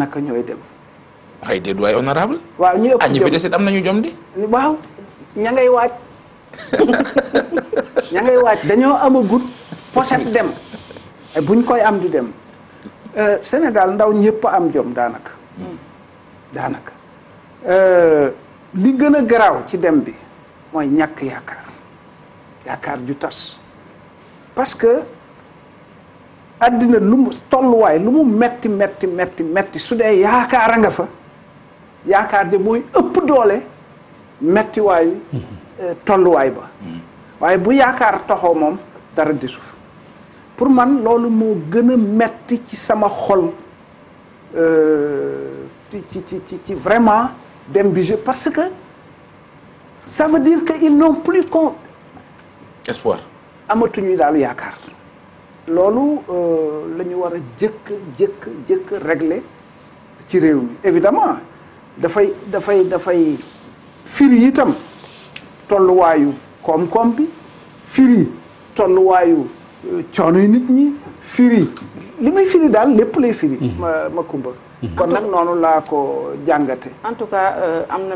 naka ñooy dem. ay déet honorable. waaw ñu ëpp jom ñi fi am nañu jom di. waaw ña ngay waaj ña ngay waaj dañoo amagut pochette dem eh, buñ koy am di dem eh, Sénégal ndaw ñëpp am jom daanaka. Hmm. daanaka eh, li gën a garaaw ci dem bi mooy ñàkk yaakaar yaakaar ju tas parce àddina lu mu tolluwaay lu mu metti metti metti metti su dee yaakaar a nga fa yaakaar de mooy ëpp doole metti waayu mm-hmm. euh, tolluwaay ba mm-hmm. waaye bu yaakaar taxoo moom dara desu fa pour man loolu moo gën a metti ci sama xol euh, ci ci ci ci vraiment dem bi parce que ça veut dire que il n'ont plus qu'espoir amatuñu daal yaakaar loolu euh, la ñu war a jëkk jëkk jëkk régler ci réew mi évidemment dafay dafay dafay firi itam tolluwaayu koom-koom bi firi tolluwaayu euh, coono yi nit ñi firi li muy firi daal lépp lay firi mm-hmm. ma kumba mm-hmm. kon nag noonu laa ko jàngate en tout cas euh, am na